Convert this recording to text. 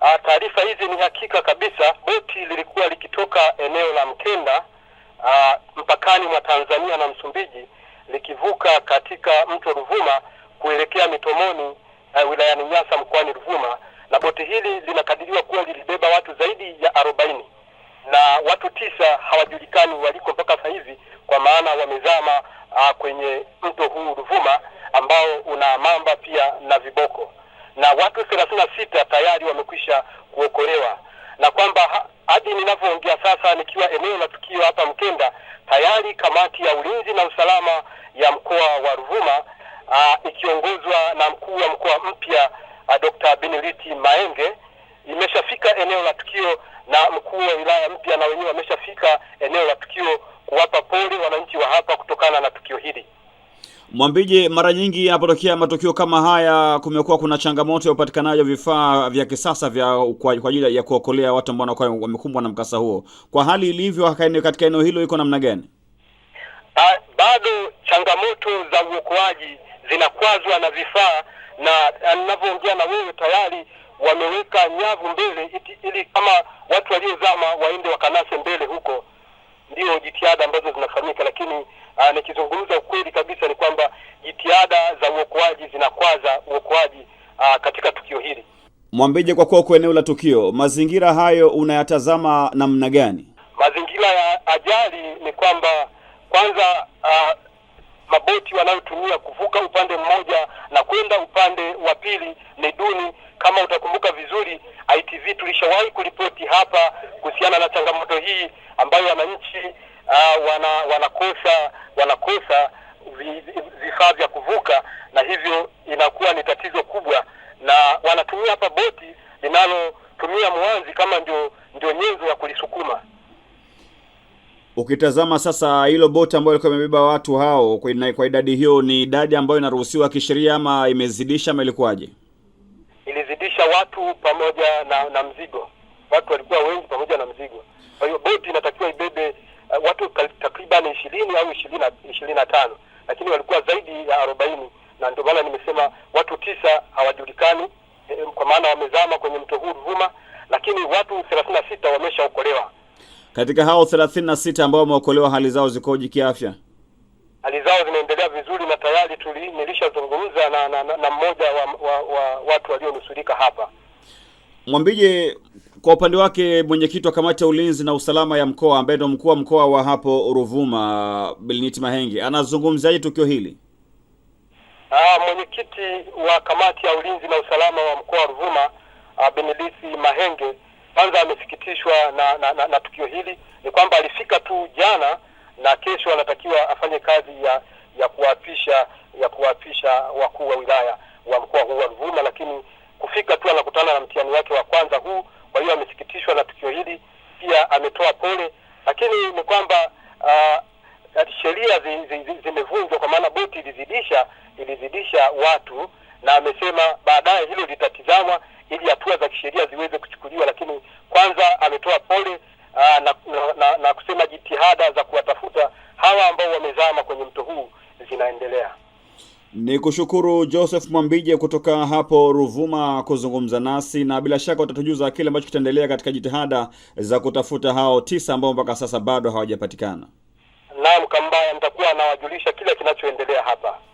Ah, taarifa hizi ni hakika kabisa. Boti lilikuwa likitoka eneo la Mkenda ah, mpakani mwa Tanzania na Msumbiji likivuka katika mto Ruvuma kuelekea Mitomoni ah, wilayani Nyasa mkoani Ruvuma, na boti hili linakadiriwa kuwa lilibeba watu zaidi ya arobaini na watu tisa hawajulikani waliko mpaka sasa hivi, kwa maana wamezama kwenye mto huu Ruvuma ambao una mamba pia na viboko na watu thelathini na sita tayari wamekwisha kuokolewa na kwamba hadi ninavyoongea sasa nikiwa eneo la tukio hapa Mkenda, tayari kamati ya ulinzi na usalama ya mkoa wa Ruvuma ikiongozwa na mkuu wa mkoa mpya Dr. Beniliti Maenge imeshafika eneo la tukio na mkuu wa wilaya mpya na wenyewe wameshafika eneo la tukio kuwapa pole wananchi wa hapa Mwambije, mara nyingi yanapotokea matukio kama haya, kumekuwa kuna changamoto ya upatikanaji wa vifaa vya kisasa vya kwa ajili ya kuokolea watu ambao wanakuwa wamekumbwa na mkasa huo. Kwa hali ilivyo katika eneo hilo, iko namna gani? Ah, bado changamoto za uokoaji zinakwazwa na vifaa, na ninavyoongea na wewe tayari wameweka nyavu mbele ili kama watu waliozama waende wakanase mbele huko. Ndio jitihada ambazo zinafanyika, lakini ah, nikizungumza ukweli kabisa hili. Mwambije, kwa kuwa uko eneo la tukio, mazingira hayo unayatazama namna gani? Mazingira ya ajali ni kwamba kwanza, uh, maboti wanayotumia kuvuka upande mmoja na kwenda upande wa pili ni duni. Kama utakumbuka vizuri, ITV tulishawahi kuripoti hapa kuhusiana na changamoto hii ambayo wananchi uh, wana, wanakosa wanakosa vifaa vya kuvuka na hivyo inakuwa ni tatizo Ukitazama sasa hilo boti ambayo ilikuwa imebeba watu hao kwa idadi hiyo, ni idadi ambayo inaruhusiwa kisheria ama imezidisha ama ilikuwaje? Ilizidisha watu pamoja na, na mzigo. Watu walikuwa wengi pamoja na mzigo, kwa hiyo boti inatakiwa ibebe uh, watu takriban ishirini au ishirini na tano lakini walikuwa zaidi ya arobaini na ndio maana nimesema watu tisa hawajulikani eh, kwa maana wamezama kwenye mto huu Ruvuma, lakini watu thelathini na sita wameshaokolewa. Katika hao 36 ambao wameokolewa hali zao zikoje kiafya? Hali zao zinaendelea vizuri na tayari nilishazungumza na, na, na, na mmoja wa, wa, wa watu walionusurika hapa. Mwambije kwa upande wake mwenyekiti wa kamati ya ulinzi na usalama ya mkoa ambaye ndo mkuu wa mkoa wa hapo Ruvuma Biliniti Mahenge anazungumziaje tukio hili? Ah, mwenyekiti wa kamati ya ulinzi na usalama wa mkoa wa Ruvuma ah, benedisi Mahenge kwanza amesikitishwa na na, na na tukio hili. Ni kwamba alifika tu jana na kesho anatakiwa afanye kazi ya ya kuwaapisha ya kuwaapisha wakuu wa wilaya wa mkoa huu wa Ruvuma, lakini kufika tu anakutana na mtihani wake wa kwanza huu. Kwa hiyo amesikitishwa na tukio hili, pia ametoa pole, lakini ni kwamba uh, sheria zimevunjwa kwa maana boti ilizidisha ilizidisha watu, na amesema baadaye hilo litatizamwa ili hatua za kisheria ziweze kuchukuliwa, lakini kwanza ametoa pole ah, na, na, na, na kusema jitihada za kuwatafuta hawa ambao wamezama kwenye mto huu zinaendelea. Ni kushukuru Joseph Mwambije kutoka hapo Ruvuma kuzungumza nasi, na bila shaka utatujuza kile ambacho kitaendelea katika jitihada za kutafuta hao tisa ambao mpaka sasa bado hawajapatikana. Naam, Kambaya, nitakuwa nawajulisha kile kinachoendelea hapa.